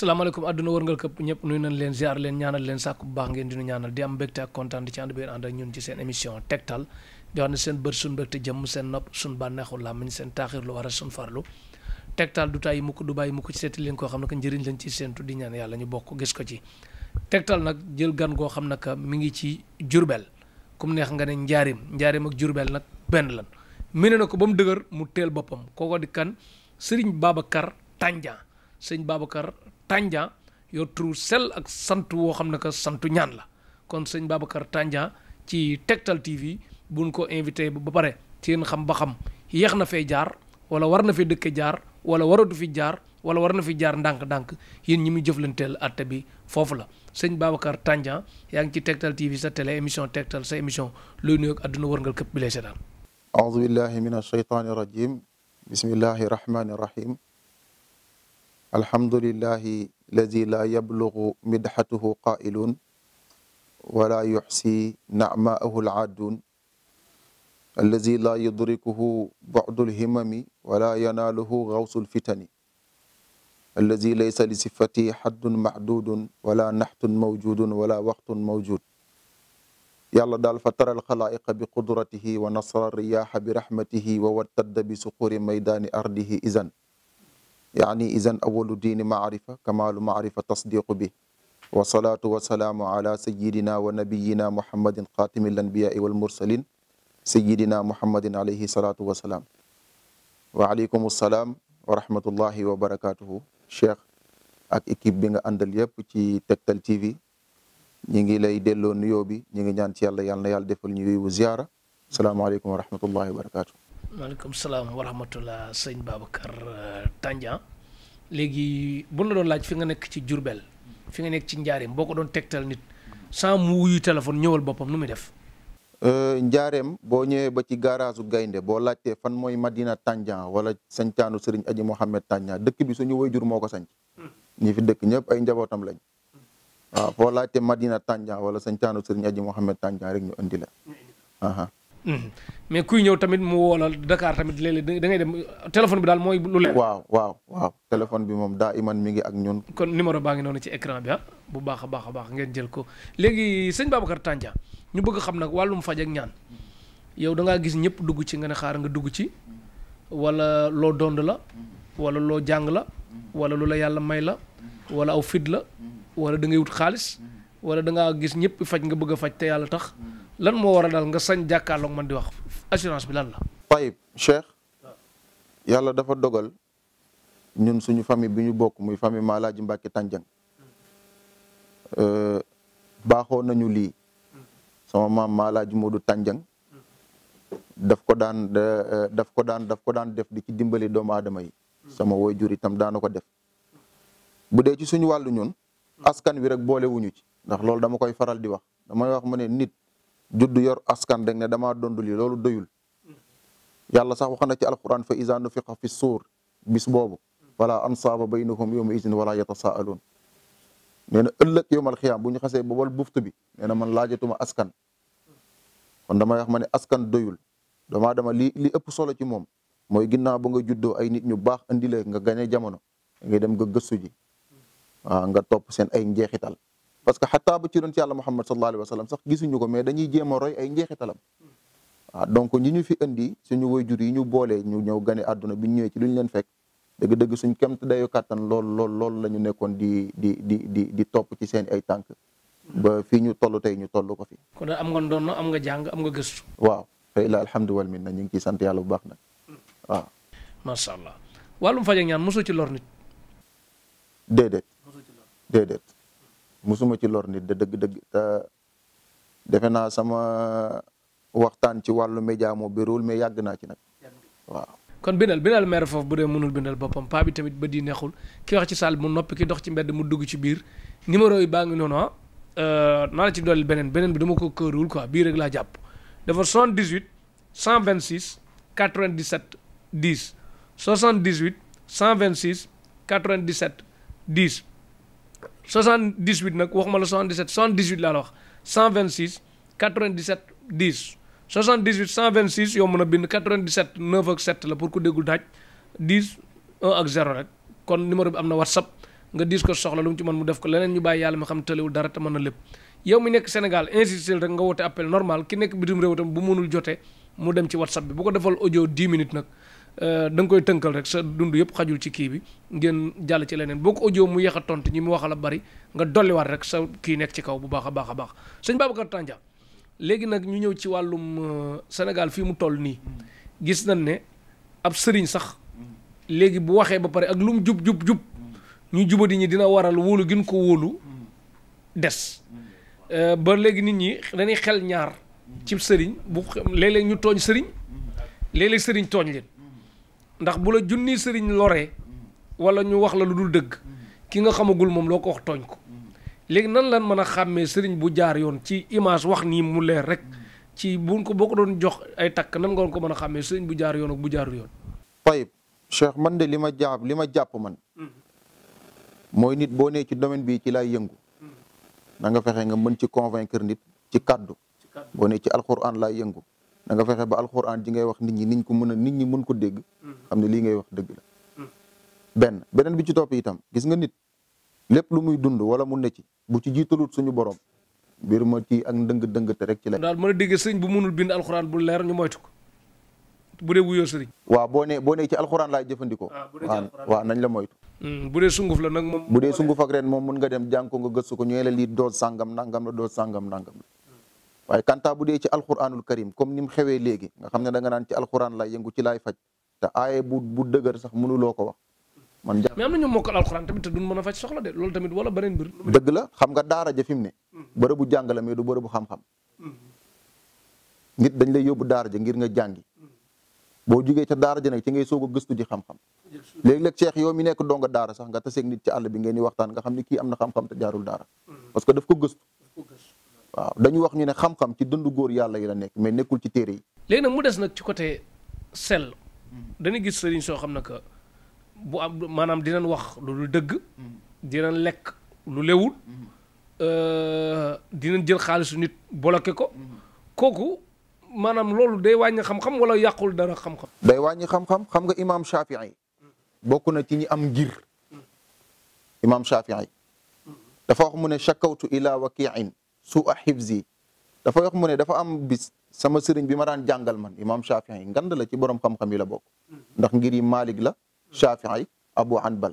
salaamaaleykum àdduna wërngal këpp ñëpp nuyu nañ leen ziar leen ñaanal leen sàkku bu baax ngeen di nu ñaanal di am mbégte ak kontaan di ci ànd biir ànd ak ñun ci a suñ farlu du tàyyi mukk du bàyyi mukk ci seeti leen koo xam ne que njëriñ lañ ci seentu di ñaan yàlla ñu bokk gis ko ci jël gan goo xam ne mi ngi ci jurbel kum neex nga ne njaarim njaarim ak jurbel nag benn lan mene na ko ba mu dëgër mu teel boppam kooko di kan sëriñ Babacar Tandian sëriñ Babacar Tandian yow turu sel ak sant woo xam ne que santu ñaan la kon sëñ Babacar Tandian ci Tektal TV buñ ko invité ba pare ci yéen xam ba xam yeex na fee jaar wala war na fee dëkke jaar wala waratu fi jaar wala war na fi jaar ndànk-ndànk yéen ñi muy jëflanteel atte bi foofu la sëñ Babacar Tandian yaa ngi ci Tektal TV sa télé émission Tektal sa émission looy nuyoog àdduna wërngal képp bi lay seetaan. aoudu billahi min ashaytaani rajim bismillahi alhamdulillahi lazi la yablugu midhatuhu qailun wala yuxsi namaahu laadun allazi la yudrikuhu badu lhimami wala yanaaluhu gawsu lfitani allazi laysa li sifati xaddun mahdudun wala naxtun mawjudun wala waxtun mawjud yàlla daal fa tara alxalaayiqa bi qudratihi wa nasara riyaha bi raxmatihi wa wattadda bi suquri maydaani ardihi izan yaani izan awalu diini maarifa kamaalu maarifa tasdiqu bi wasalaatu wasalaamu ala sayidina wa nabiyina muhammadin xaatimi lanbiyaai walmursalin sayidina muhammadin alayhi salaatu wasalaam waaleykum assalaam wa rahmatullahi wa barakatuhu cheikh ak équipe bi nga àndal yëpp ci Tektal TV ñi ngi lay delloo nuyoo bi ñi ngi ñaan ci yàlla yàlla na yàlla defal ñu wiwu ziyaara salaamaaleykum wa rahmatullahi wa barakatuhu maaleykum salaam wa rahmatullah sëñ Babacar euh, Tandian léegi bu la doon laaj fi nga nekk ci Jurbel fi nga nekk ci njaareem boo ko doon tegtal nit sans mu wuyu téléphone ñëwal boppam nu muy def. Euh, njaareem boo ñëwee ba ci garaasu gaynde boo laajtee fan mooy Madina Tandian wala sañcaanu Serigne Aji Mohamed Tandian dëkk bi suñu woy jur ko sañc hmm. ñi fi dëkk ñëpp ay njabootam lañ. Hmm. waaw boo laajtee Madina Tandian wala sañcaanu Serigne Aji Mohamed Tandian rek ñu andi Mhm. mais kuy ñëw tamit mu woolal Dakar tamit léeg-léeg da ngay dem téléphone bi daal mooy lu leer. waaw waaw waaw téléphone bi moom daa iman mi ngi ak ñun. kon numéro baa ngi noonu ci écran bi ah bu baax a baax a baax ngeen jël ko léegi sëñ Babacar Tandian ñu bëgg xam nag wàllum faj ak ñaan yow da ngaa gis ñëpp dugg ci nga ne xaar nga dugg ci wala loo dond la wala loo jàng la wala lu la yàlla may la wala aw fit la wala da ngay wut xaalis wala da ngaa gis ñëpp faj nga bëgg a faj te yàlla tax. lan moo war a daal nga sañ jàkkaarloog man di wax assurance bi lan la. waaye Cheikh yàlla dafa dogal ñun suñu famille bi ñu bokk muy famille Maalaji Mbacke Tandiang euh, baaxoo nañu lii sama maam Maalaji moodu Tandiang daf ko daan euh, daf ko daan daf ko daan def di ci dimbali doomu aadama yi. sama woy jur itam daana ko def bu dee ci suñu wàllu ñun askan wi rek boolewuñu ci ndax loolu dama koy faral di wax damay wax ma nit judd yor askan rek ne damaa dond lii loolu doyul yàlla sax wax na ci alquran fa iza nufiqa fi suur bis boobu wala ansaaba baynahum yawma idin wala yatasaaluun nee na ëllëg yowmal xiyaam bu ñu xasee ba wal buftu bi nee na man laajatuma askan kon dama wax ma ne askan doyul dama dama li li ëpp solo ci moom mooy ginnaaw ba nga juddoo ay nit ñu baax indi la nga gañe jamono ngay dem nga gëstu ji nga topp seen ay njeexital parce que xataa ba ci yonent yàlla Muhammad sallallahu alayhi wa sallam sax gisuñu ko mais dañuy jéem a roy ay njeexitalam waaw donc ñi ñu fi indi suñu jur yi ñu boolee ñu ñëw gane àdduna bi ñu ñëwee ci lu leen fekk dëgg-dëgg suñ kemt dayo kàttan lool lool lool la ñu nekkoon di di di di di topp ci seen ay tànk ba fii ñu toll tey ñu toll ko fi kon am nga ndono am nga jàng am nga gëstu waaw fa ila alhamdu wal minna ñu ngi ciy sant yàlla bu baax allah wàllum faj ak ñaan mosu ci lor nit déedéet mësuma ci lor nit de dëgg-dëgg te defe naa sama waxtaan ci wàllu média moo bëriwul mais yàgg naa ci nag waaw. kon bindal bindal maire foofu bu dee mënul bindal boppam paa bi tamit ba di neexul ki wax ci saal mu noppi ki dox ci mbedd mu dugg ci biir numéro yi baa ngi noonu ah euh, naa la ci dolli beneen beneen bi dama ko këruwul quoi bii rek laa jàpp dafa 78 126 97 10 78 126 97 10. 78 nag waxuma la 77 78 laa la wax 126 97 10 78 126 yow mën a bind 97 9 ak 7 la pour ku déggul daaj 10 1 ak 0 rek kon numéro bi am na whatsapp nga diis ko soxla lu mu ci mën mu def ko leneen ñu bàyyi yàlla mi xam tëlewul dara te mën na lépp yow mi nekk Sénégal insisté rek nga woote appel normal ki nekk bitim réew tam bu mënul jotee mu dem ci whatsapp bi ko defal audio 10 nag Euh, da nga koy tënkal rek sa dund yëpp xajul ci kii bi ngeen jàll ci leneen boo ko audio mu yeex a tontu ñi mu wax la bari nga dolliwaat rek sa kii nekk ci kaw bu baax a baax a baax sëñ Babacar Tandian léegi nag ñu ñëw ci wàllum euh, Sénégal fii mu toll nii gis nañ ne ab sëriñ sax léegi bu waxee ba pare ak lum mu jub jub jub ñu jubadi ñi dina waral wóolu gën ko wóolu des euh, ba léegi nit ñi dañuy xel ñaar ci sëriñ bu léeg-léeg ñu tooñ sëriñ léeg-léeg sëriñ tooñ leen ndax bu la junni sëriñ loree wala ñu wax la lu dul dëgg ki nga xamagul moom loo ko wax tooñ ko léegi nan lan mën a xàmmee sëriñ bu jaar yoon ci image wax nii mu leer rek ci buñ ko boo ko doon jox ay takk nan nga doon ko mën a xàmmee sëriñ bu jaar yoon ak bu jaarul yoon tayib cheikh man de li ma jaab li ma jàpp man mooy nit boo nee ci domaine bii ci laay yëngu mm. na nga fexe nga mën ci convaincre nit ci kaddu boo nee ci alquran laay yëngu na nga fexe ba alxuraan ji ngay wax nit ñi niñ ko mën a nit ñi mën ko dégg xam ne lii ngay wax dëgg la benn beneen bi ci topp itam gis nga nit lépp lu muy dund wala mu ne ci bu ci jiitalut suñu borom mbir ma ci ak ndëng-dëngate rek ci la daal mën dégg sëriñ bu mënul bind alxuraan bu leer ñu moytu ko bu dee wuyoo sëriñ waaw boo ne boo nee ci alxuraan laay jëfandikoo ah, waaw waaw nañ la moytu hmm, bu dee sunguf la nag moom bu dee sunguf ak ren moom mën nga dem jàng ko nga gëstu ko ñu lii doos sàngam nangam la doos sàngam nangam waaye kanta bu dee ci alquranul karim comme ni mu xewee léegi nga xam ne da nga naan ci alquran lay yëngu ci laay faj te aaye bu dëgër sax mënuloo ko wax man mais me na ñoom mokkal alquran tamit te duñ mën a faj soxla de loolu tamit wala beneen mbir la xam nga daara ja fi mu ne bërëbu jàng la mais du bërëbu xam-xam nit dañ lay yóbbu daara ja ngir nga jàngi boo jugee ci daara ja nag ci ngay soog a gëstu ji xam-xam léegi-léeg ceex yow mi nekk donga daara sax nga taseeg nit ci àll bi ngeen di waxtaan nga xam ne kii am na xam-xam te jaarul daara mm. parce que daf ko gëstu waaw dañu wax ñu ne xam-xam ci dund góor yàlla yi la nekk mais nekkul ci téere yi. léegi nag mu des nag ci côté sell hmm. dañuy gis sëriñ soo xam ne que bu am maanaam dinañ wax lu dul dëgg. Hmm. dinañ lekk lu lewul. Hmm. Euh, dinañ jël xaalisu nit bloqué ko. kooku maanaam loolu day wàññi xam-xam wala yàqul dara xam-xam. day wàññi xam-xam xam nga imaam Shafii bokk na ci ñi am ngir. imaam Shafii dafa wax mu ne shakawtu ila wakiin su a xifzi dafa wax mu ne dafa am bis sama sëriñ bi ma daan jàngal man imam Shafii yi ngand la ci borom xam-xam yi la bokk ndax ngir yi Malik la Shafii Abu Hanbal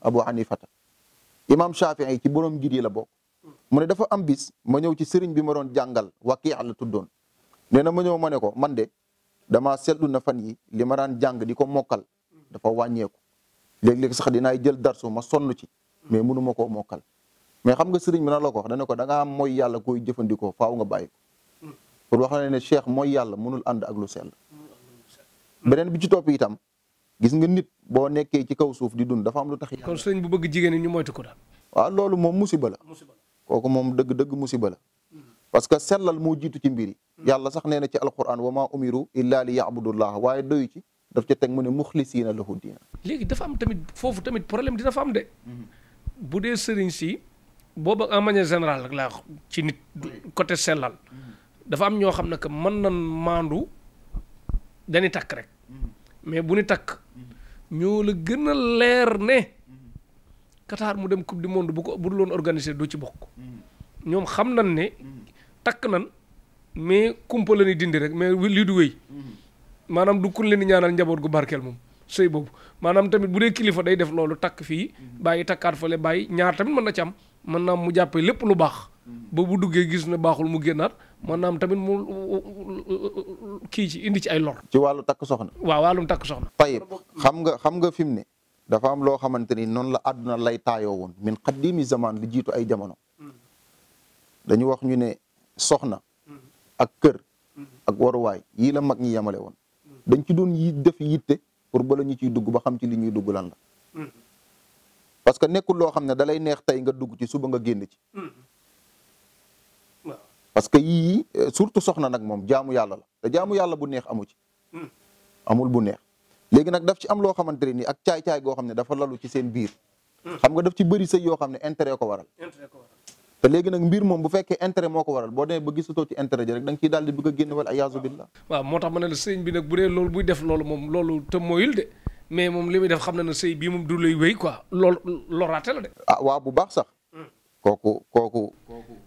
Abu Hanifata imam Shafii yi ci borom ngir yi la bokk mu ne dafa am bis ma ñëw ci sëriñ bi ma doon jàngal Waqii la tuddoon nee na ma ñëw ma ne ko man de dama seetlu na fan yi li ma daan jàng di ko mokkal dafa wàññeeku léeg-léeg sax dinaay jël darsu ma sonn ci mais mënuma koo mokkal mais xam nga sëriñ bi na la ko wax dana ko da ngaa mooy yàlla koy jëfandikoo faaw nga bàyyi ko pour wax na ne cheikh mooy yàlla mënul ànd ak lu sell beneen bi ci topp itam gis nga nit boo nekkee ci kaw suuf di dun dafa am lu tax kon sëriñ bu bëgg jigéen ñu moytu ko daal waaw ah, loolu moom musiba la kooku moom dëgg dëgg musiba la parce que sellal moo jiitu ci mbir hmm. yàlla sax nee na ci alquran wa ma umiru illa li yabudullah waaye doyu ci daf ca teg mu ne muxlisiina lahu diina léegi dafa am tamit foofu tamit problème dina fa am de hmm. bu dee sëriñ si booba en manière générale rek laa ci nit côté sellal mm. dafa am ñoo xam ne que man nan maandu dañuy takk rek mm. mais bu ñu takk mm. ñoo la gën a leer ne Qatar mu dem coupe di monde bu ko bu loon organiser du ci bokk ñoom xam nan ne takk nan mais kumpa la ni dindi rek mais lii du wéy maanaam du kun leen di ñaanal njaboot gu barkeel moom sëy boobu maanaam tamit bu dee kilifa day def loolu takk fii bàyyi takkaat fale bàyyi ñaar tamit mën na ci mën naa mu jàppee lépp lu baax. ba bu duggee gis ne baaxul mu génnaat mën tamit mu kii ci indi ci ay lor. ci wàllu takk soxna. waaw wàllum takk soxna. tayib xam nga xam nga fi mu ne dafa am loo xamante ni noonu la àdduna lay taayoo woon min mi zaman li jiito ay jamono. dañu wax ñu ne soxna. ak kër. ak waruwaay yii la mag ñi yemale woon. dañ ci doon yi def yitte pour bala ñu ciy dugg ba xam ci li ñuy dugg lan la. parce que nekkul loo xam ne dalay neex tey nga dugg ci suba nga génn ci. Hmm. parce que yii euh, surtout soxna nag moom jaamu yàlla la te jaamu yàlla bu neex amu ci. Hmm. amul bu neex léegi nag daf ci am loo xamante ne nii ak caay-caay goo ne dafa lalu ci seen biir. Hmm. xam nga daf ci bëri sëy yoo xam ne intérêt ko waral. te léegi nag mbir moom bu fekkee intérêt moo ko waral boo dee ba gisatoo ci intérêt ji rek da nga ciy daal di bëgg a génn wala ayaazu billah. waaw moo tax ma mais moom li muy def xam na na sëy bii moom du lay wéy quoi lool loraate la de. ah waaw bu baax sax. Hmm. kooku kooku.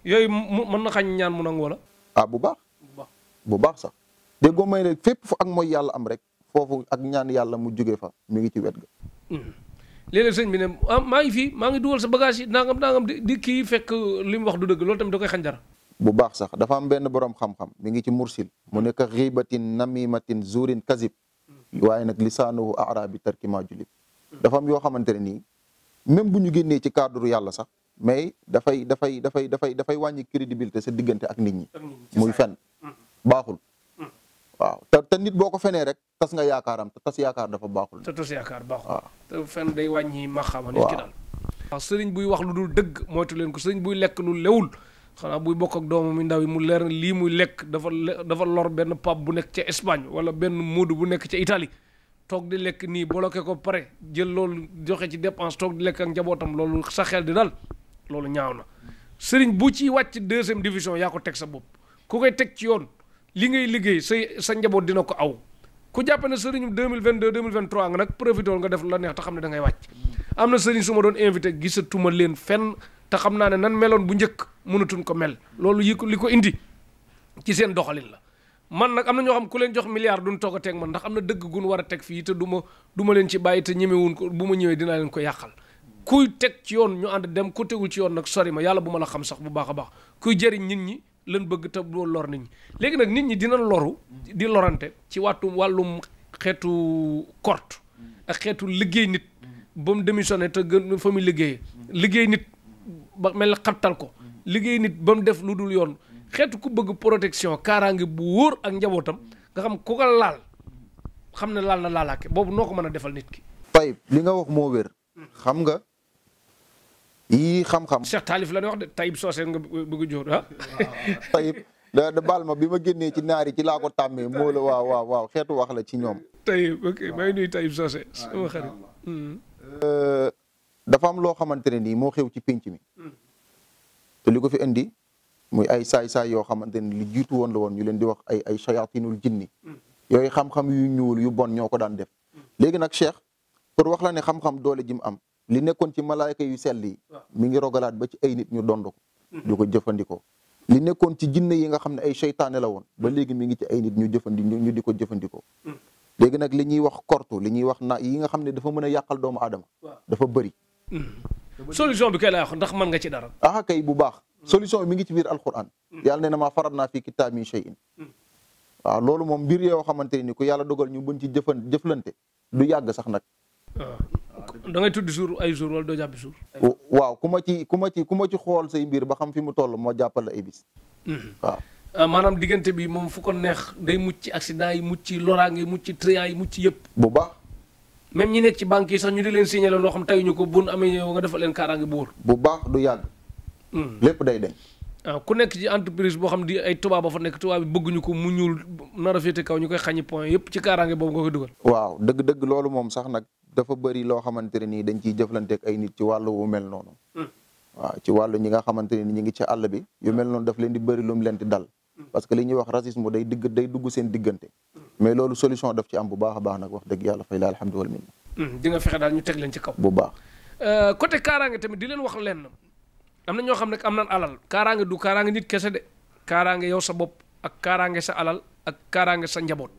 yooyu mu mën na xañ ñaan mu nangu wala. a ah, bu baax. bu baax bu baax sax. déggoo may rek fépp ak mooy yàlla am rek foofu ak ñaan yàlla mu jógee fa mu ngi ci wet ga. Hmm. léeg-léeg sëñ bi ne ah maa ngi fii maa ngi dugal sa bagage yi nangam nangam di di kii fekk li mu wax du dëgg loolu tamit da koy xañ dara. bu sax dafa am benn borom xam-xam mi ngi ci mursil mu nekk xiibatin namimatin zurin kazib waaye nag lisaanuhu arabi tarki maa julib dafa am yoo xamante ne nii même bu ñu génnee ci cadre yàlla sax mais dafay dafay dafay dafay dafay wàññi crédibilité sa diggante ak nit ñi muy fen mm. baaxul mm. waaw te te nit boo ko fenee rek tas nga yaakaaram te tas yaakaar dafa baaxul te tas yaakaar baaxul waaw fen day wàññi maxaama nit ki daal waaw sëriñ buy wax lu dul dëgg moytu leen ko sëriñ buy lekk lu lewul xanaa buy bokk ak doomam yu ndaw yi mu leer lii muy lekk dafa dafa lor benn pap bu nekk ca Espagne wala benn muudu bu nekk ca Italie toog di lekk nii bloqué ko pare jël loolu joxe ci dépense toog lekk ak njabootam loolu sa xel di dal loolu ñaaw na sëriñ bu ci wàcc deuxième division yaa ko teg sa bopp ku koy teg ci yoon li ngay liggéey sa sa njaboot dina ko aw ku jàppe ne sëriñu 2022 2023 nga nag profité nga def la neex te xam ne dangay wàcc mm. am na sëriñ su ma doon invité gisatuma leen fenn te xam naa ne nan meloon bu njëkk mënatuñ ko mel loolu yi li ko indi ci seen doxalin la man nag am na ñoo xam ku leen jox milliard duñ toog a teg man ndax am na dëgg gun war a teg fii te du ma du ma leen ci bàyyi te ñemewuñ ko bu ma ñëwee dinaa leen ko yàqal kuy teg ci yoon ñu ànd dem ku tegul ci yoon nag sori ma yàlla bu ma la xam sax bu baax a baax kuy jariñ nit ñi lan bëgg te doo lor nit ñi léegi nag nit ñi dina loru di lorante ci wàttu wàllum xeetu kort ak xeetu liggéey nit ba mu démissionné te gën fa muy liggéeyee liggéey nit ba mel na xattal ko liggéey nit ba mu def lu dul yoon xeetu ku bëgg protection kaaraange bu wóor ak njabootam nga xam ku ko laal xam ne laal na laalaake boobu noo ko mën a defal nit ki. tayib li nga wax moo wér. xam nga yii xam-xam. Cheikh Taalif la ñuy wax de tayib soose nga bëgg a jox ah. tayib da baal ma bi ma génnee ci naari ci laa ko tàmmee moo la waaw xeetu wax la ci ñoom. tayib ok may nuy tayib soose sama xarit. dafa am loo xamante ne nii moo xew ci pinc mi te li ko fi indi muy ay saay-saay yoo xamante ne li jiitu woon la woon ñu leen di wax ay ay shayatinul jinni yooyu xam-xam yu ñuul yu bon ñoo ko daan def léegi nag cheikh pour wax la ne xam-xam doole jim am li nekkoon ci malaayka yu sell yi mi ngi rogalaat ba ci ay nit ñu dond ko hmm. du ko jëfandikoo li nekkoon ci jinne yi nga xam ne ay seytaane la woon ba léegi mi ngi ci ay nit ñu jëfandi ñu di ko jëfandikoo hmm. léegi nag li ñuy wax kortu li ñuy wax na yi nga xam ne dafa mën a yàqal doomu aadama dafa bëri Mm-hmm. solution bi kay laa wax ndax mën nga ci dara. ah kay bu baax. solution bi mi ngi ci biir alquran. yàlla nee na maa farat naa fi kitaab min shay'in. Mm-hmm. waaw loolu moom mbir yoo xamante ni ku yàlla dogal ñu buñ ci jëfan jëflante du yàgg sax nag. Ah. dangay tudd jour ay jour wala doo jàpp jour. waaw ku ma ci ku ma ci ku ma ci xool say mbir ba xam fi mu toll moo jàppal ay bis. Mm-hmm. waaw. Ah, maanaam diggante bi moom fu ko neex day mucci ci accident yi mucc ci loraange yi mucc ci yi mucci yëpp. bu baax même ñi nekk ci banque yi sax ñu di leen signaler loo xam tey ñu ko bun amee nga defal leen kaaraange bu wóor. bu baax du yàgg. Hmm. lépp day dem. ah ku nekk ci entreprise boo xam di ay tubaab ba fa nekk tubaab bi bëgguñu ko mu ñuul nar a féete kaw ñu koy xañi point yëpp ci kaaraange boobu nga koy dugal. waaw dëgg-dëgg loolu moom sax nag dafa bëri loo xamante ne nii dañ ciy jëflanteek ay nit ci wàll wu mel noonu. Hmm. waaw ci wàll ñi nga xamante ne ni ñu ngi ci àll bi. yu mel noonu daf leen di bëri lu mu leen hmm. parce que li ñuy wax racisme day digg day dugg seen diggante mais loolu solution daf ci am bu baax a baax nag wax dëgg yàlla fay la alhamdu wal minna hmm, di nga fexe daal ñu teg leen ci kaw. bu baax. Euh, côté kaaraange tamit di leen wax lenn am na ñoo xam ne am nan alal kaaraange du kaaraange nit kese de kaaraange yow sa bopp ak kaaraange sa alal ak kaaraange sa njaboot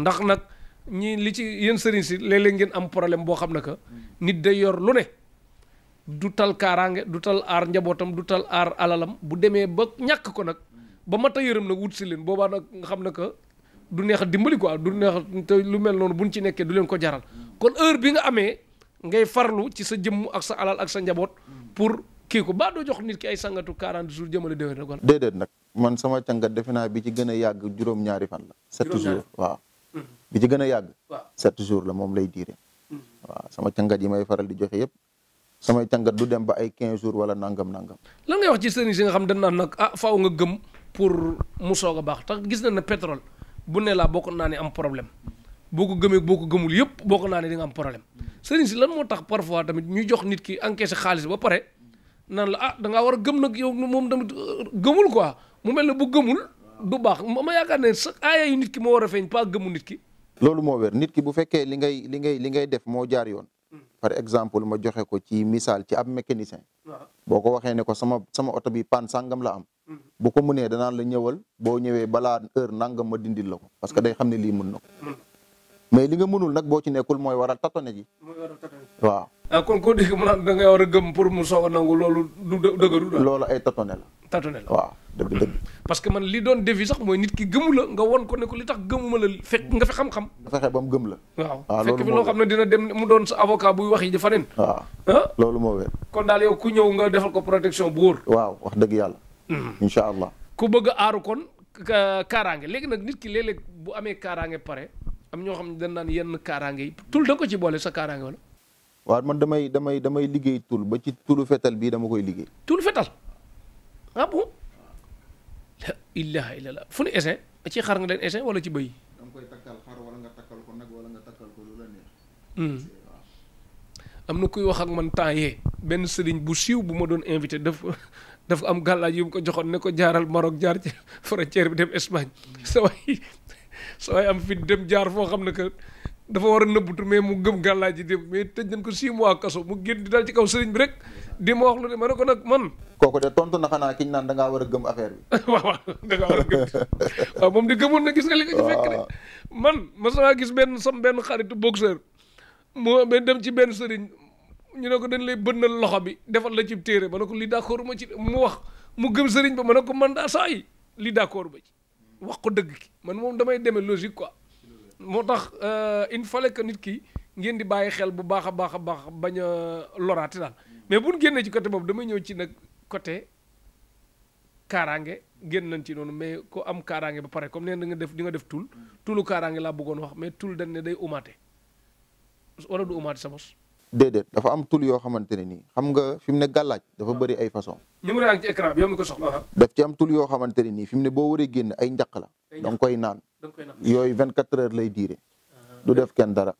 ndax nag ñi li ci yéen sëriñ si léeg-léeg ngeen am problème boo xam ne que nit day yor lu ne. du tal kaaraange du tal aar njabootam du tal aar alalam bu demee ba ñàkk ko nag ba mat yërëm nag wut si leen boobaa nag nga xam ne que du neex dimbali quoi du neex te lu mel noonu buñ ci nekkee du leen ko jaral kon heure bi nga amee ngay farlu ci sa jëmm ak sa alal ak sa njaboot pour kii ko ba doo jox nit ki ay sangatu 40 jours jëmale déwén rek wala. déedéet nag man sama cangat defe naa bi ci gën a yàgg juróom-ñaari fan la. sept jours waaw. Mm-hmm. bi ci gën a yàgg. waaw sept jours la moom lay diire. Mm-hmm. waaw sama cangat yi may faral di joxe yëpp. sama cangat du dem ba ay 15 jours wala nangam nangam. lan ngay wax ci sëriñ si nga xam dañ naan nag ah faaw nga gëm pour mu soog a baax tax gis na ne pétrole. bu ne laa bokk naa ne am problème boo ko gëmee boo ko gëmul yëpp bokk naa ne di am problème sëriñ si lan moo tax parfois tamit ñu jox nit ki encaissé xaalis ba pare naan la ah da war a gëm nag yow moom tamit euh, gëmul quoi mu mel ne bu gëmul du baax ma yaakaar ne sa aaya yu nit ki moo war a feeñ pas gëmu nit ki. loolu moo wér nit ki bu fekkee li ngay li ngay li ngay def moo jaar yoon. par exemple ma joxe ko ci misaal ci am mécanicien. boo ko waxee ne ko sama sama oto bi panne sangam la am. bu ko mënee danaan la ñëwal boo ñëwee balaa heure nangam ma dindil la ko parce que day xam ne lii mën na ko mais li nga mënul nag boo ci nekkul mooy waral tatone ji waaw ah kon da ngay war a gëm pour mu soog a nangu loolu du dëgëru ay tatone la tatone la waaw dëgg dëgg parce li doon defi sax mooy nit ki gëmu la nga won li tax gëmuma la fekk nga fi xam-xam ba mu la waaw ah, fekk fi loo xam ne dina dem mu doon sa avocat buy wax ah. Ah? daal yow ku ñëw nga defal ko protection bu wóor waaw wax dëgg yàlla Hmm. incha allah ku bëgg a aaru kon kaaraange léegi nag nit ki léeg-léeg bu amee kaaraange pare am ñoo xam ne dañ naan yenn kaaraange yi tul da ko ci boole sa kaaraange wala. waaw man damay damay damay liggéey tul ba ci tulu fetal bii dama koy liggéey. tulu fetal ah bon. la fu ñu essayé ci xar nga leen essayé wala ci bëy. da nga wala nga takkal ko nag wala nga takkal ko lu la hmm. am na kuy wax man temps yee benn sëriñ bu siiw bu ma doon invité def dafa am gàllaaj yu mu ko joxoon ne ko jaaral Maroc jaar ci frontière bi dem Espagne sa waay sa waay am fit dem jaar foo xam ne que dafa war a nëbbutu mais mu gëm gàllaaj yi dem mais tëj nañ ko six mois kaso mu génn di dal ci kaw sëriñ bi rek di ma wax lu ne ma ne ko nag man. kooku de na xanaa ki ñu naan da war a gëm affaire bi. waaw waaw moom di gëmoon na gis nga li nga man ma sama gis benn sam benn xaritu boxeur mu dem ci benn sëriñ. ñu ne ko dañ lay na loxo bi defal la ci téere ma ne ko lii d'accord ma ci mu wax mu gëm sëriñ ba ma ne ko man daa sa ay lii d'accord ba ci wax ko dëgg ki man moom damay demee logique quoi moo tax euh, il fallait que nit ki ngeen di bàyyi xel bu baax a baax a baax bañ a loraati daal mais bu ñu génnee ci côté boobu damay ñëw ci nag côté kaaraange génn nañ ci noonu mais ko am kaaraange ba pare comme nee na nga def di nga def tul tulu kaaraange laa bëggoon wax mais tul dañ ne day umaate wala du umaate sa bos déedéet dafa am tul yoo xamante ne nii xam nga fi mu ne gàllaaj dafa bari ay façon numéro ci ko soxla daf ci am tul yoo xamante ne nii fi ne boo waree génn ay njaq la danga koy naan yooyu vingt quatre heures lay diire du def kenn dara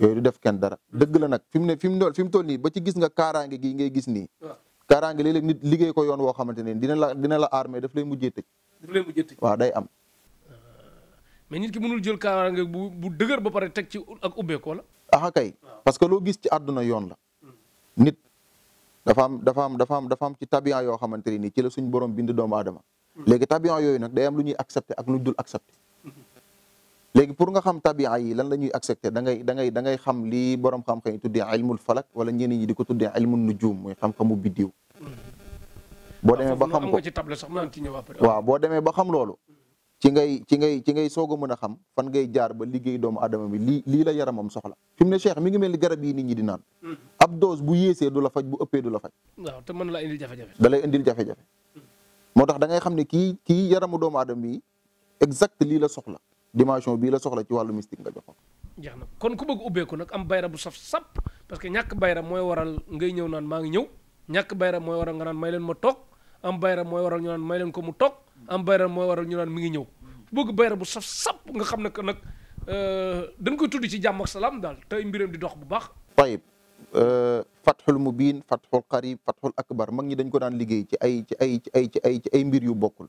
yooyu du def kenn dara dëgg la nag fi mu ne fi mu dool fi mu toll nii ba ci gis nga kaaraange gi ngay gis nii kaaraange léeg-léeg nit liggéey ko yoon woo xamante ne dina la dina la armé daf lay mujjee tëj daf waaw day am euh, mais nit ki mënul jël kaaraange bu bu dëgër ba pare teg ci ak ubbeeku ah kay parce que loo gis ci àdduna yoon la nit dafa am dafa am dafa am dafa am ci tabian yoo xamante ni ci la suñ borom bind doomu aadama léegi tabian yooyu nag day am lu ñuy accepté ak lu dul accepté léegi pour nga xam tabian yi lan la ñuy accepté da ngay da ngay da xam li borom xam-xam yi tuddee ilmul falak wala ñenn ñi di ko tuddee ilmul nujum muy xam-xamu biddiw boo demee ba xam ko waaw boo demee ba xam loolu ci ngay ci ngay ci ngay soog a mën a xam fan ngay jaar ba liggéey doomu adama bi lii lii la yaramam soxla fi mu ne Cheikh mi ngi mel ni garab yi nit ñi di naan hmm. ab bu yéesee du la faj bu ëppee du la faj waaw te man la indil jafe-jafe da lay indil jafe-jafe hmm. moo tax dangay xam ne kii kii yaramu doomu adama bi exact lii la soxla dimension bii la soxla ci wàllu mystique nga joxoon jeex na kon ku bëgg ubbeeku nag am bayra bu saf sap parce que ñàkk bayra mooy waral ngay ñëw naan maa ngi ñëw ñàkk bayra mooy waral nga naan may leen ma toog am bayra mooy waral ñu may leen ko mu toog am bayra mooy waral ñu naan mi ngi ñëw bëgg bayra bu saf sap nga xam na que nag euh, dañ koy tudd ci jàmm ak salaam daal te mbiram di dox bu baax. tayib euh, fathul mubin fathul qarib fathul akbar mag ñi dañ ko daan liggéey ci ay ci ay ay ci ay ci ay mbir yu bokkul.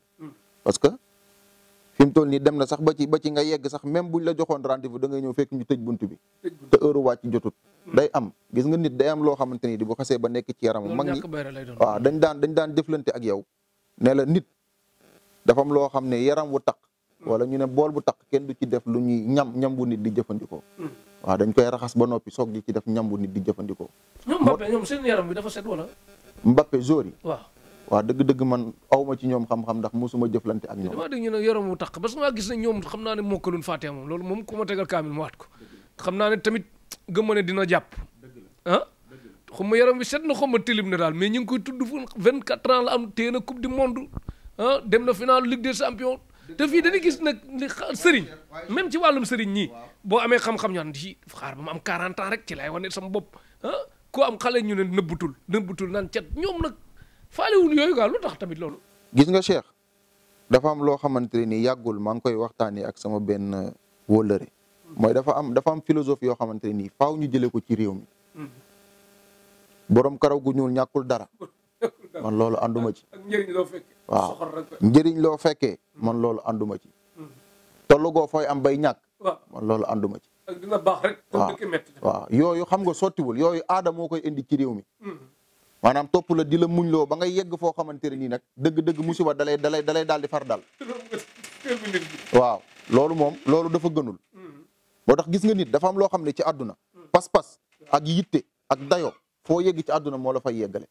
parce que fi mu toll nii dem na sax ba ci ba ci nga yegg sax même buñ la joxoon rendez-vous da ngay ñëw fekk ñu tëj bunt bi. te heure wàcc jotut. day am gis nga nit day am loo xamante ni di bu xasee ba nekk ci yaram mag ñi waaw dañ daan dañ daan jëflante ak yow ne nit. dafa am loo xam ne yaram wu taq wala ñu ne bool bu takk kenn du ci def lu ñuy ñam ñam bu nit di jëfandikoo hmm. waaw dañ koy raxas ba noppi soog di ci def ñam bu nit di jëfandikoo ñoom Mbappé ñoom yaram bi dafa set wala Mbappé jour yi waaw waaw dëgg-dëgg man awma ci ñoom xam-xam ndax musuma jëflante ak ñoom damaa dégg ñu ne yaram wu taq parce que maa gis ne ñoom xam naa ne mokkalun fàtte moom loolu moom ku ma tegal kaamil ma waat ko xam naa ne tamit gëmma ne dina jàpp ah xuma yaram bi set na xuma tilim ne daal mais ñu ngi koy tudd fu vingt quatre ans la am téye na coupe du monde ah dem na final Ligue des champions te fii dañuy gis nag li sëriñ même ci wàllum sëriñ ñii boo amee xam-xam ñoo di xaar ba ma am 40 ans rek ci laay wane sama bopp ah am xale ñu ne nëbbutul nëbbutul naan cat ñoom nag faalewul yooyu gaa lu tax tamit loolu. gis nga Cheikh dafa am loo xamante ne nii yàggul maa ngi koy waxtaanee ak sama benn wóllëre mooy dafa am dafa am philosophie yoo xamante ne nii faaw ñu jëlee ko ci réew mi. Hmm. karaw gu ñuul ñàkkul dara. man loolu ànduma ci. ak waaw njëriñ loo fekkee man loolu ànduma ci hmm. tollugoo fooy am bay ñàkk man loolu ànduma ci dina waaw yooyu xam nga sottiwul yooyu aada moo koy indi ci réew mi hmm. maanaam topp la di la muñ loo ba nga yegg foo xamante ne nii nag dëgg-dëgg musiba dalay dalay dalay daal di far daal waaw loolu moom loolu dafa gënul hmm. moo tax gis nga nit dafa am loo xam ne ci àdduna pas-pas ak yitte ak dayo foo yegg ci àdduna moo la fay yeggale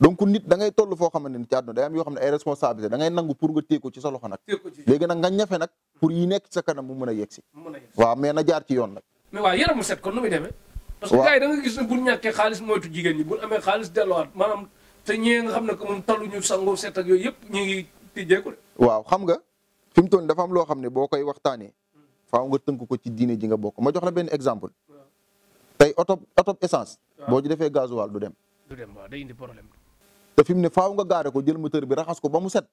donc nit dangay ngay toll foo xamante ni ci àdduna day yoo xam ne ay responsabilité da ngay nangu pour nga téye ci sa loxo nag léegi na nga ñafe nag pour yi nekk sa kanam mu mën a yegsi waaw mais na jaar ci yoon nag mais waaw yaram mu set kon nu demee parce que gars yi da nga gis ne jigéen ñi bu amee xaalis delluwaat maanaam te ñee nga xam ne que moom taluñu sango yooyu yëpp ñu ngi waaw xam nga fi mu toll dafa am loo xam ne boo koy waxtaanee faaw nga tënk ko ci diine ji nga bokk ma jox la benn exemple tey oto oto essence boo ci defee gasoil du dem du dem waaw day indi problème te fi mu ne faaw nga gaare o jël moteur bi raxas ko ba mu set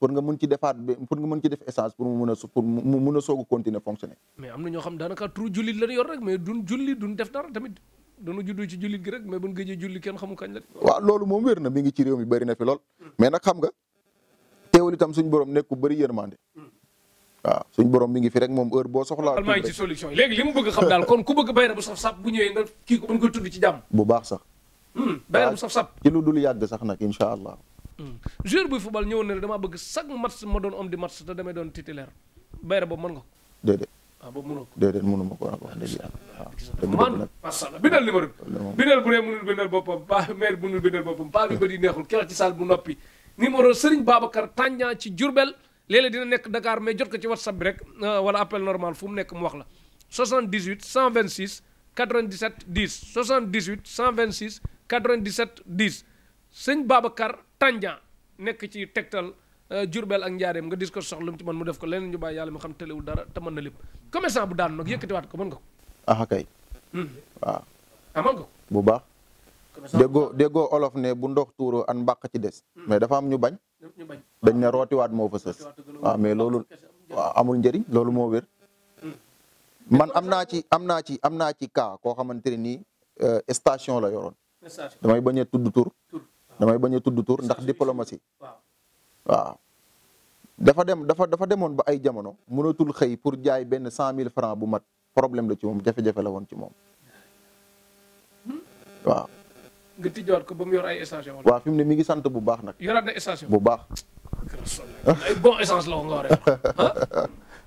pour nga mun ci defaat bi pour nga mun ci def essence pour mu mun a pour mu mun a soog a continuer fonctionner. mais am na ñoo xam daanaka trop jullit la yor rek mais duñ julli duñ def dara tamit dañu juddu ci jullit gi rek mais buñ gëjee julli kenn xamu kañ la. waaw loolu moom wér na mi ngi ci réew mi bëri na fi lool mais nag xam nga teewul itam suñu borom nekk ku bëri yërmande. waaw suñ borom mi ngi fi rek moom heure boo soxlaa. almaa ngi ci solution yi léegi li mu bëgg kon ku bëgg bay na bu saf saf bu ñëwee nga bu baax sax. benn bu saf-saf ci lu dul yàgg sax nag incha allah hmm. joueur buy football ñëwoon ne la bëgg chaque match ma doon homme de match te damay doon titulaire bayre boobu mën nga ko déedéet ah, ma ko wax dëgg yàlla man masha allah bindal numéro bi bindal bu dee mënul bindal boppam pa maire mënul bindal boppam pa bi neexul keroog ci saal bu noppi numéro Serigne Babacar Tandian ci Diourbel léeg-léeg dina nekk Dakar mais jot ko ci whatsapp bi rek euh, wala appel normal fu mu nekk mu wax la 78 126 97 10 78 126 97 10 sëñ Babacar Tandian nekk ci tegtal Jurbel euh, ak Njaareem nga dis ko soxla mu man mu def ko leen ñu bàyyi yàlla mu xam tëlewul dara te mën na lépp commerçant bu daanu nag yëkkatiwaat ko mën nga ko. ah kay. waaw. Hmm. Ah. Ah, bu baax. déggoo déggoo olof ne bu ndox tuuroo an mbàq ci des. Hmm. mais dafa am ñu bañ. dañ ne rootiwaat moo fa sës. waaw ah, mais loolu. waaw amul njariñ loolu moo wér. Hmm. man am naa ci am naa ci am naa ci cas koo xamante ne nii euh, station la yoroon. damay bañ a tudd tur damay bañ a tudd tur ndax diplomatie waaw dafa dem dafa dafa demoon ba ay jamono mënatul xëy pour jaay benn cent mille franc bu mat problème la ci moom jafe-jafe la woon ci moom hmm? waaw. nga tijjaat ko ba mu yor ay station. waaw fi mu ne mi ngi sant bu baax nag. yoraat na bu baax.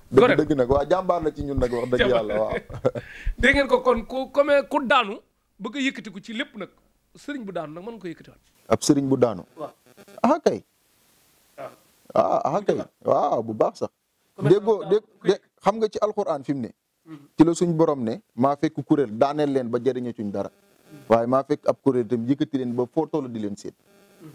dëgg dëgg nag waa jàmbaar la ci ñun nag wax dëgg yàlla waaw. dégg ngeen ko kon ku comme ku daanu bëgg a yëkkati ko ci lépp nag. sëriñ bu daanu nag mën nga ko yëkkatiwaat. ab sëriñ bu daanu. waaw ah kay. Ah. Ah, ah, waaw bu baax sax. déggoo dégg xam nga ci alxuraan fi mu ne. Mm-hmm. ci la suñ borom ne maa fekk kuréel daaneel leen ba jëriñoo cuñ dara. Mm-hmm. waaye maa fekk ab kuréel itam yëkkati leen ba foo di leen seet. Mm-hmm.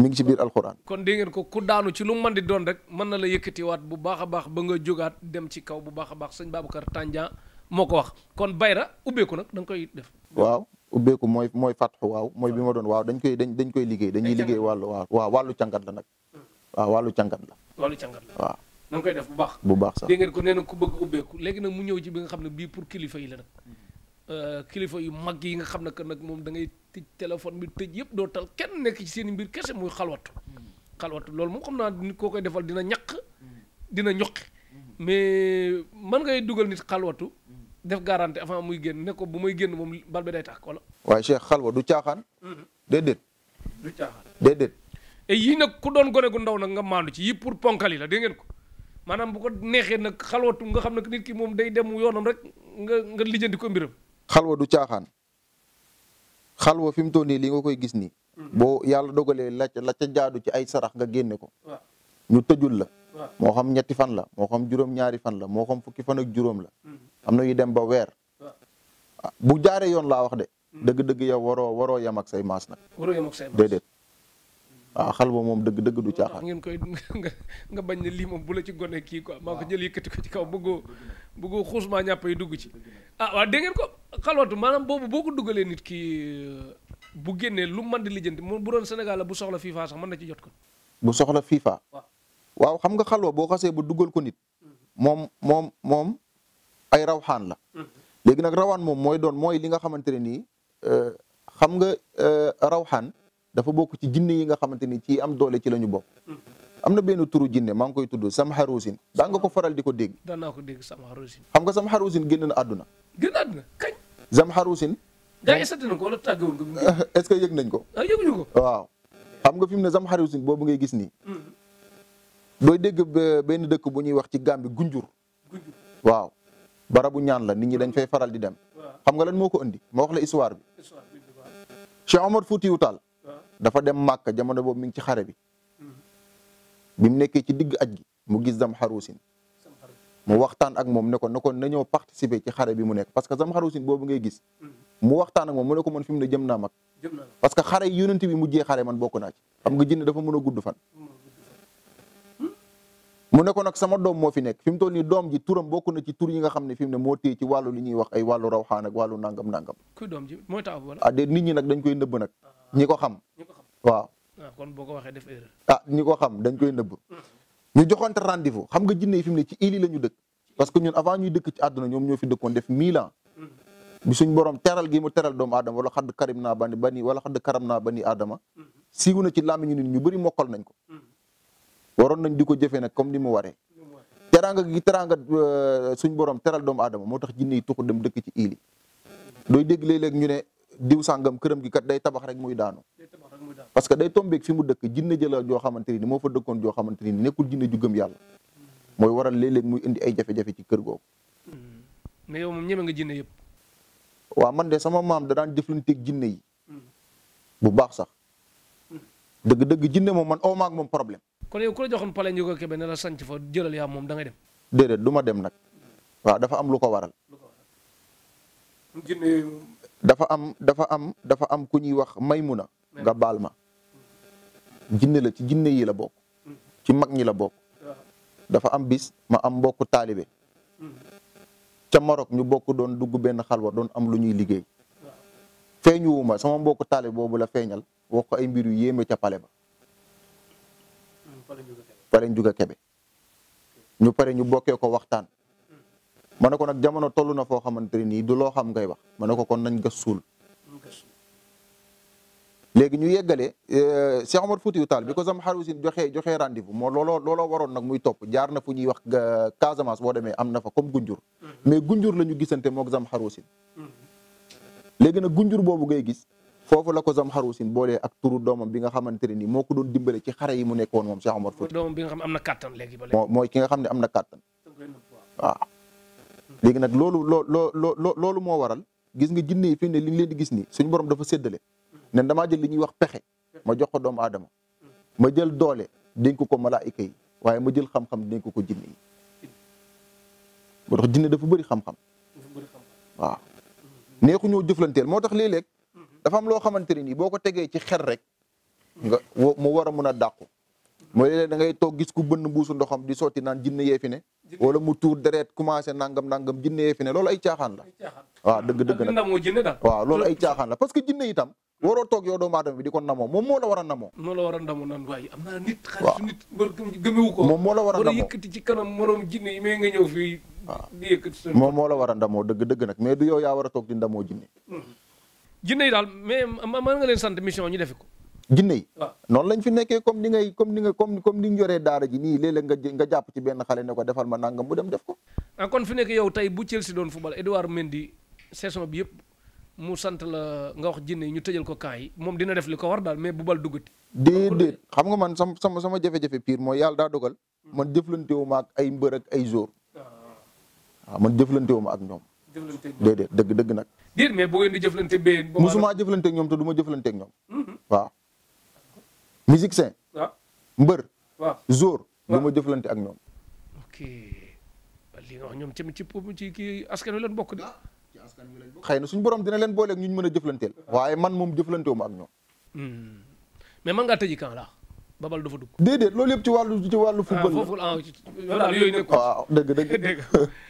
mi ngi ci biir alxuraan. kon dégg ngeen ko ku daanu ci lu mu mën di doon rek mën na la yëkkatiwaat bu baax a baax ba nga jógaat dem ci kaw bu baax a baax sëñ Babacar Tandian. moo ko wax kon bayra ubbeeku nag da nga koy def. waaw ubbeeku mooy mooy fatxu waaw mooy bi ma doon waaw dañ koy dañ dañ koy liggéey dañuy liggéey wàllu waaw waaw wàllu càngat la nag waaw wàllu càngat la. wàllu càngat la waaw. na nga koy def bu baax bu baax sax dégg ngeen ko nee na ku bëgg ubbeeku léegi nag mu ñëw ci bi nga xam ne bii pour kilifa yi la nag euh, kilifa yu mag yi nga xam ne que nag moom da ngay tëj téléphone bi tëj yëpp doo tal kenn nekk ci seen mbir kese muy xalwatu xalwatu loolu moom xam naa nit koo koy defal dina ñaq dina ñoqi mm-hmm. mais mën ngay dugal nit xalwatu def garantie avant muy génn ne ko bu muy génn moom bal bi day tàkk wala. waaye Cheikh xalwa du caaxaan. Mhm. déedéet. du caaxaan déedéet. et yii nag ku doon gone gu ndaw nag nga maandu ci yi pour ponkal yi la ngeen ko maanaam bu ko neexee nag xalwatu nga xam ne nit ki moom day dem mu yoonam rek nga nga lijjanti ko mbiram. xalwa du caaxaan xalwa fi mu toll nii li nga koy gis nii. Mhm. boo yàlla dogalee la ca la jaadu ci ay sarax nga génne ko. ñu tëjul la. moo xam ñetti fan la moo xam juróom-ñaari fan la moo xam fukki fan ak juróom la am na yu dem ba weer bu jaaree yoon laa wax de dëgg-dëgg yow waroo waroo yem ak say maas nag déedéet waaw ah, xal ba moom dëgg-dëgg du caaxaan ngeen koy nga bañ ne lii moom bu la ci gone kii quoi maa ko jël yëkkati ko ci kaw bëggoo bëggoo xuusmaa ñàpp dugg ci ah waaw ko xalwatu maanaam boobu boo ko duggalee nit ki bu génnee lu mën di lijjanti moom bu doon senegal la bu soxla FIFA sax mën na ci jot ko bu soxla FIFA waaw waaw xam nga xalwa boo xasee ba dugal ko nit mm-hmm. moom moom moom ay rawxaan la mm-hmm. léegi nag rawaan moom mooy doon mooy li nga xamante ne nii euh, xam nga euh, rawxaan dafa bokk ci jinne yi nga xamante ni ci am doole ci la ñu bokk mm-hmm. am na benn turu jinne maa ngi koy tudd samharusin daa nga ko faral di ko dégg daan naa ko dégg samharusin xam nga samharusin génn na àdduna génn àdduna kañ samharusin gaa yi sant nañ est-ce que yëg nañ ko ah yëguñu ko waaw xam nga fi mu ne samharusin boobu ngay gis nii dooy dégg benn dëkk bu ñuy wax ci Gàmbi gunjur waaw barabu ñaan la ni ñi dañ fay faral di dem xam nga lan moo ko indi ma la histoire bi Cheikh Omar Foutiyou Tall dafa dem Màkka jamono boobu mi ngi ci xare bi mm-hmm. bi mu nekkee ci digg aj gi mu gis Zam Harousin mu waxtaan ak moom ne ko ne ko na ñëw participer ci xare bi mu nekk parce que Zam Harousin boobu ngay gis mm-hmm. mu waxtaan ak moom mu ne ko man fi mu ne jëm naa mag parce que xare yonent bi mujjee xare man bokk naa ci xam nga jinne dafa mën a gudd fan mm-hmm. mu ne nag sama doom moo fi nekk fi mu toll nii doom ji turam bokk na ci tur yi nga xam ne fi ne moo téye ci wàllu li wax ay wàllu rawxaan ak wàllu nangam nangam. ku ah, ñi nag dañ koy nëbb nag. Ah. ñi ko xam. waaw. Ah, boo ko waxee def erreur. ah ñi ko xam dañ koy nëbb. ñu joxonte rendez-vous xam nga jinne yi fi mu ne ci ili la ñu dëkk. parce que ñun avant ñuy dëkk ci àdduna ñoom ñoo fi dëkkoon def mille ans. Mm-hmm. suñ borom teral gi mu teral doom aadama wala xadd karim naa bani bani wala xadd karam naa bani aadama mm-hmm. siiw na ci làmmiñu nit ñu bëri mokkal nañ ko mm-hmm. waroon nañ di ko jëfee nag comme ni mu waree teraanga gi teraanga euh, suñ borom teral doomu aadama moo tax jinne yi tuxu dem dëkk ci iili dooy dégg léeg-léeg ñu ne diw sàngam këram gi kat day tabax rek muy daanu parce que day tombeeg fi mu dëkk jinne jëla joo xamante ni moo fa dëkkoon joo xamante ni nekkul jinne ju gëm yàlla mooy waral léeg muy indi ay jafe-jafe ci kër googu hmm. mais yow moom ñeme nga jinne yëpp waaw man de sama maam da daan jëflanteeg jinne yi hmm. bu baax sax hmm. dëgg-dëgg jinne moom man aw maag problème kon yow ku la joxoon pale ñu ko kebe ne la sanc fa jëlal yaa moom da dem. déedéet du ma dem nag waa dafa am lu ko waral. dafa am dafa am dafa am ku ñuy wax na nga baal ma. jinne la ci jinne yi la bokk. Hmm. ci mag ñi la bokk. dafa am bis ma am mbokku taalibe. Hmm. ca Maroc ñu bokk doon dugg benn xalwa doon am lu ñuy liggéey. feeñuwuma sama mbokku taalibe boobu la feeñal wax ay mbir yu yéeme ca pale ba. pare njuga kebe ñu pare ñu bokkee ko waxtaan ma ne ko nag jamono toll na foo xamante ne nii du loo xam ngay wax ma ne ko kon nañ gas suul léegi ñu yeggale euh, Cheikh Omar Foutiyou Tall bi ko sam xarusin joxee joxee rendez-vous moo looloo looloo waroon nag muy topp jaar na fu ñuy wax euh, Casamance boo demee am na fa comme gunjur mm-hmm. mais gunjur la ñu gisante moog sam xarusin mm-hmm. léegi nag gunjur boobu ngay gis foofu la ko Zamxaru Siin boolee ak turu doomam bi nga xamante ne nii moo ko doon dimbale ci xare yi mu nekkoon moom Cheikh Omar Fouti doomam bi nga xam am na kàttan léegi ba léegi mooy xam ne am na kàttan waaw léegi nag loolu loo loo loo loolu moo waral gis nga jinne yi fii ne li ñu leen di gis nii suñu borom dafa séddale ne damaa jël li ñuy wax pexe ma jox ko doom aadama ma jël doole dénk ko malaayika yi waaye ma jël xam-xam dénk ko jinne yi moo tax jinne dafa bëri xam-xam waaw neexu ñoo jëflanteel moo tax léeg-léeg dafa am loo xamante ne nii boo ko tegee ci xel rek nga mu war a mun a dàqu mooy léeg-léeg da toog gis ku bën buusu ndoxam di sotti naan jinne yee ne wala mu tuur deret commencé nangam nangam jinne yee fi ne loolu ay caaxaan la waaw dëgg dëgg nag waaw loolu ay caaxaan la parce que jinne itam waroo toog yow doomu aadama bi di ko namoo moom moo wara war a namoo moo la war a namoo naan moom moo la war a namoo yëkkati ci kanam morom jinne nga ñëw fii moom moo la war a ndamoo dëgg dëgg nag mais du yow yaa war a toog di ndamoo jinne mm-hmm. jinne daal mais mën nga leen sant mission ñu defi ko. jinne yi noonu lañ fi nekkee comme ni ngay comme ni nga comme comme ni ñu yoree daara ji nii léeg-léeg nga nga ci benn xale ne ko defal ma nangam mu dem def ko. ah kon fi nekk yow tey bu Chelsea doon football Edouard Mendy saison bi yëpp mu sant la nga wax jinne ñu tëjal ko kaa yi moom dina def li ko war daal mais bu bal duggati. déedéet xam nga man sama sama sama jafe-jafe pire mooy yàlla daa dogal. man jëflante wu ak ay mbër ak ay jour. waaw ah. ah, man jëflante ak ñoom. déedéet dëgg dëgg nag. déedéet mais bu ngeen di jëflante bee. musuma jëflanteeg ñoom te du ma jëflanteeg ñoom. Mhm. waaw. musicien. waaw mbër. waaw jour. waaw du ma jëflante ak ñoom. ok li nga wax ñoom tamit ci pour ci ki askan wi lañ bokk de. Ah, xëy na suñu borom dina leen booleeg ñu mën a jëflanteel. Ah. waaye man moom jëflantewuma ak ñoom. Hmm. mais man nga tëji kan la babal dafa dugg. déedéet loolu yëpp ci wàllu ci wàllu. Ah, football la dëgg dëgg.